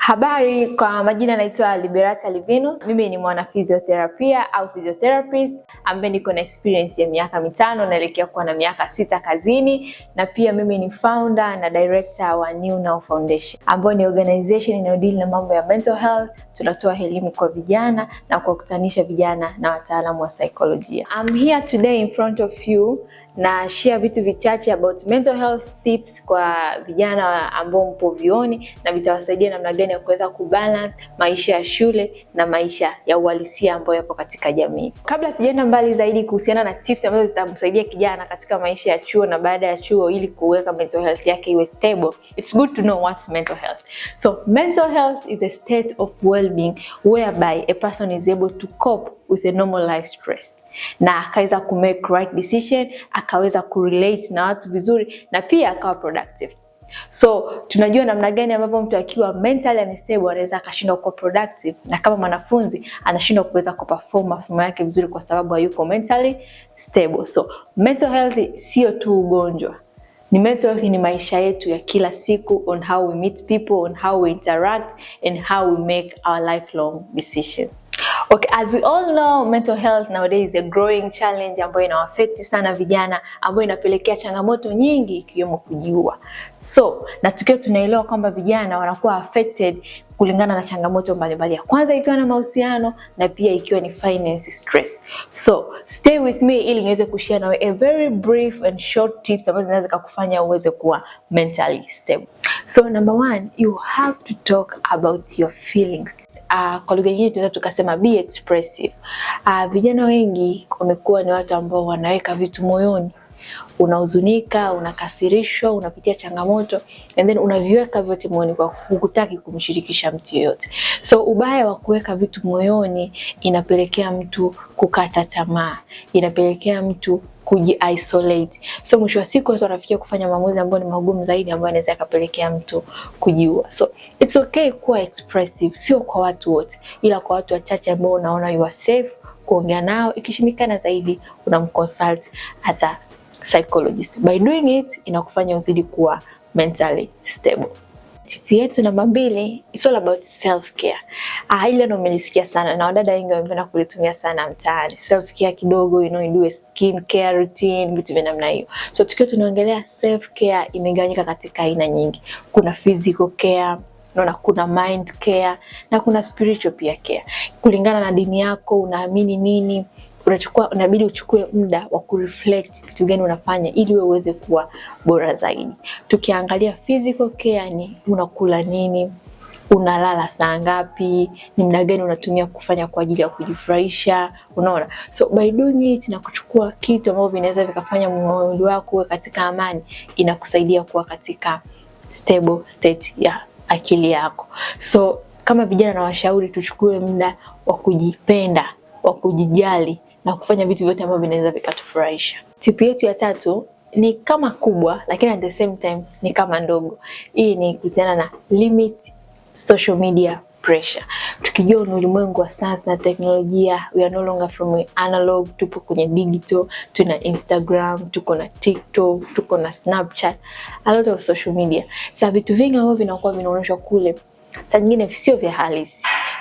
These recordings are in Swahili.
Habari, kwa majina naitwa Liberata Livinus. Mimi ni mwana physiotherapia au physiotherapist ambaye niko na experience ya miaka mitano naelekea kuwa na miaka sita kazini, na pia mimi ni founder na director wa New Now Foundation ambayo ni organization inayodeal na mambo ya mental health. Tunatoa elimu kwa vijana na kuwakutanisha vijana na wataalamu wa psychology. I'm here today in front of you na share vitu vichache about mental health tips kwa vijana ambao mpo vioni na vitawasaidia namna gani ya kuweza kubalance maisha ya shule na maisha ya uhalisia ambayo yapo katika jamii. Kabla tujaenda mbali zaidi kuhusiana na tips ambazo zitamsaidia kijana katika maisha ya chuo na baada ya chuo ili kuweka mental health yake iwe stable, it's good to know what's mental health. So mental health is a state of well-being whereby a person is able to cope with a normal life stress na akaweza ku make right decision, akaweza ku relate na watu vizuri na pia akawa productive. So tunajua namna gani ambavyo mtu akiwa mentally unstable anaweza akashindwa kuwa productive, na kama mwanafunzi anashindwa kuweza kuperform masomo yake vizuri kwa sababu hayuko mentally stable. So mental health sio tu ugonjwa, ni mental health, ni maisha yetu ya kila siku, on how we meet people, on how we interact and how we make our lifelong decisions. Okay, as we all know, mental health nowadays is a growing challenge ambayo inawaafekti sana vijana ambayo inapelekea changamoto nyingi ikiwemo kujiua. So, na tukiwa tunaelewa kwamba vijana wanakuwa affected kulingana na changamoto mbalimbali, ya kwanza ikiwa na mahusiano na pia ikiwa ni finance stress. So, stay with me ili niweze kushare nawe a very brief and short tips ambazo zinaweza kukufanya uweze kuwa mentally stable. So, number one, you have to talk about your feelings uh, kwa lugha nyingine tunaweza tukasema be expressive. Uh, vijana wengi wamekuwa ni watu ambao wanaweka vitu moyoni, unahuzunika, unakasirishwa, unapitia changamoto and then unaviweka vyote moyoni kwa hukutaki kumshirikisha mtu yoyote So ubaya wa kuweka vitu moyoni inapelekea mtu kukata tamaa, inapelekea mtu kujiisolate. So mwisho wa siku watu wanafikia kufanya maamuzi ambayo ni magumu zaidi, ambayo anaweza akapelekea mtu kujiua. So it's okay kuwa expressive, sio kwa watu wote, ila kwa watu wachache ambao unaona you are safe kuongea nao. ikishimikana zaidi, unamconsult hata psychologist. By doing it inakufanya uzidi kuwa mentally stable. Tipi yetu namba mbili, it's all about self care. Ah, ile ndo umelisikia sana na wadada wengi wamependa kulitumia sana mtaani. Self care kidogo, you know, do skin care routine, vitu vya namna hiyo. So tukiwa tunaongelea self care imegawanyika katika aina nyingi. Kuna physical care, naona kuna mind care na kuna spiritual pia care. Kulingana na dini yako unaamini nini? unachukua unabidi uchukue muda wa kureflect kitu gani unafanya ili wewe uweze kuwa bora zaidi. Tukiangalia physical care ni unakula nini, unalala saa ngapi, ni muda gani unatumia kufanya kwa ajili ya kujifurahisha, unaona. So by doing it na kuchukua kitu ambavyo vinaweza vikafanya mwili wako uwe katika amani, inakusaidia kuwa katika stable state ya akili yako. So kama vijana, na washauri tuchukue muda wa kujipenda, wa kujijali na kufanya vitu vyote ambavyo vinaweza vikatufurahisha. Tipu yetu ya tatu ni kama kubwa, lakini at the same time ni kama ndogo. Hii ni kuhusiana na limit social media pressure. Tukijua ni ulimwengu wa sasa na teknolojia, we are no longer from analog, tupo kwenye digital. Tuna Instagram, tuko na TikTok, tuko na Snapchat, a lot of social media. Sasa vitu vingi ambavyo vinakuwa vinaonyeshwa kule, saa nyingine sio vya halisi.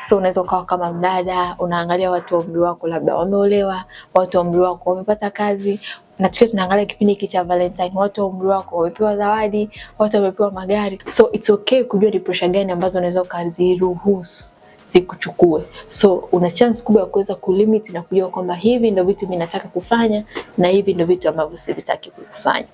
So unaweza ukawa kama mdada unaangalia watu wa umri wako, labda wameolewa, watu wa umri wako wamepata kazi, na tukiwa tunaangalia kipindi hiki cha Valentine, watu wa umri wako wamepewa zawadi, watu wamepewa magari. So it's okay kujua ni gani ambazo unaweza ukaziruhusu zikuchukue. So una chance kubwa ya kuweza kulimit na kujua kwamba hivi ndo vitu mimi kufanya na hivi ndo vitu ambavyo sivitaki kufanya,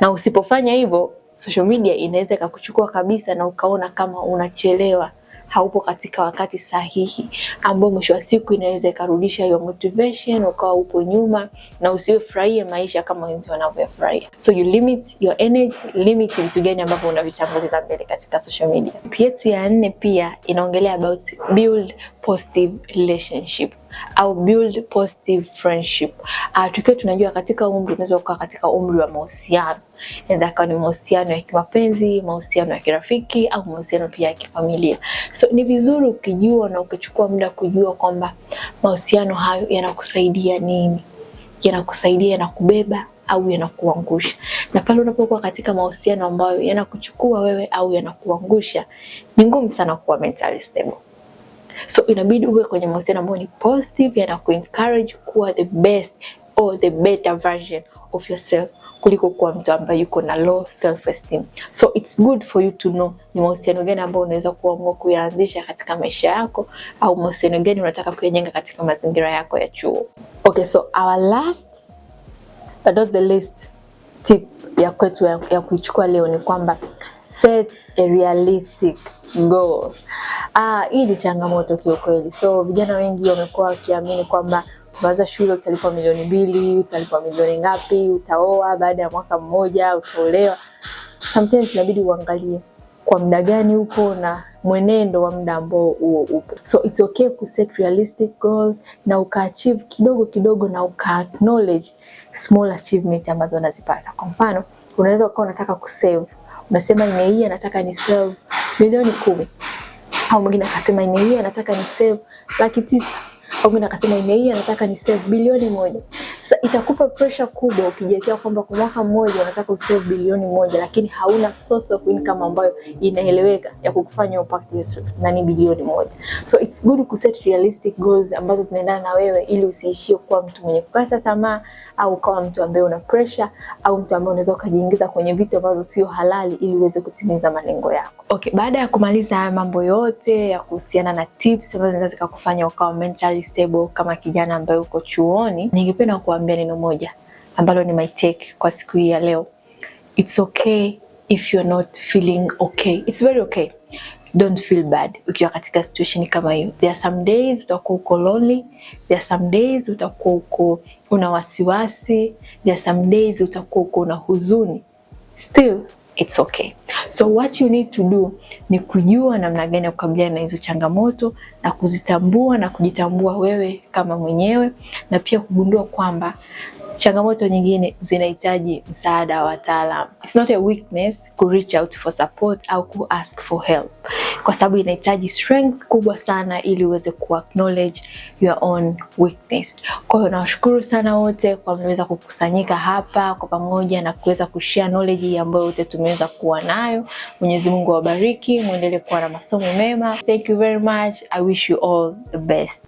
na usipofanya hivyo social media inaweza ikakuchukua kabisa na ukaona kama unachelewa haupo katika wakati sahihi, ambao mwisho wa siku inaweza ikarudisha hiyo motivation, ukawa upo nyuma na usiofurahia maisha kama wengi wanavyofurahia. So you limit your energy, limit vitu gani ambavyo unavitanguliza mbele katika social media. Yetu ya nne pia inaongelea about build positive relationship au build positive friendship. Uh, tukiwa tunajua katika umri unaweza ukawa katika umri wa mahusiano inaweza kawa ni mahusiano ya kimapenzi, mahusiano ya kirafiki au mahusiano pia ya kifamilia. So ni vizuri ukijua na ukichukua muda kujua kwamba mahusiano hayo yanakusaidia nini, yanakusaidia, yanakubeba au yanakuangusha. Na pale unapokuwa katika mahusiano ambayo yanakuchukua wewe au yanakuangusha, ni ngumu sana kuwa mentally stable. So inabidi uwe kwenye mahusiano ambayo ni positive, encourage kuwa the best or the better version of yourself kuliko kuwa mtu ambaye yuko na low self esteem. So it's good for you to know ni mahusiano gani ambayo unaweza kuamua kuyaanzisha katika maisha yako au mahusiano gani unataka kuyajenga katika mazingira yako ya chuo. Okay, so our last but not the least tip ya kwetu ya, ya kuichukua leo ni kwamba set a realistic goal. Ah, hii ni changamoto kiukweli. So vijana wengi wamekuwa wakiamini kwamba Umeanza shule utalipwa milioni mbili, utalipwa milioni ngapi, utaoa baada ya mwaka mmoja, utaolewa. Sometimes inabidi uangalie kwa muda gani upo na mwenendo wa muda ambao huo upo. So it's okay ku set realistic goals na ukaachieve kidogo kidogo na uka acknowledge small achievement ambazo unazipata. Kwa mfano, unaweza ukawa unataka kusave. Unasema hii nataka ni save milioni kumi. Au mwingine akasema hii nataka ni save laki tisa. Oguna akasema imeia, nataka ni save bilioni moja. Sasa itakupa pressure kubwa ukijiwekea kwamba kwa mwaka mmoja unataka usave bilioni moja, lakini hauna source of income ambayo inaeleweka ya kukufanya upate nani bilioni moja. So it's good ku set realistic goals ambazo zinaendana na wewe, ili usiishie kuwa mtu mwenye kukata tamaa au ukawa mtu ambaye una pressure au mtu ambaye unaweza ukajiingiza kwenye vitu ambavyo sio halali ili uweze kutimiza malengo yako. Okay, baada ya kumaliza haya mambo yote ya kuhusiana na tips ambazo zinaweza zikakufanya ukawa mentally stable kama kijana ambaye uko chuoni, ningependa kukuambia neno moja ambalo ni my take kwa siku hii ya leo. It's okay if you're not feeling okay. It's very okay. Don't feel bad ukiwa katika situation kama hiyo. There are some days utakuwa uko lonely, there are some days utakuwa uko una wasiwasi, there are some days utakuwa uko una huzuni. Still it's okay. So what you need to do ni kujua namna gani ya kukabiliana na hizo changamoto na kuzitambua na kujitambua wewe kama mwenyewe, na pia kugundua kwamba changamoto nyingine zinahitaji msaada wa wataalamu. It's not a weakness to reach out for support au ku ask for help kwa sababu inahitaji strength kubwa sana ili uweze ku acknowledge your own weakness. Kwa hiyo nawashukuru sana wote kwa mliweza kukusanyika hapa kwa pamoja na kuweza kushare knowledge ambayo wote tumeweza kuwa nayo. Mwenyezi Mungu awabariki, muendelee kuwa na masomo mema. Thank you very much. I wish you all the best.